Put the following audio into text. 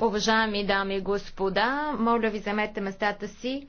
Уважаеми дами и господа, моля ви, замете местата си.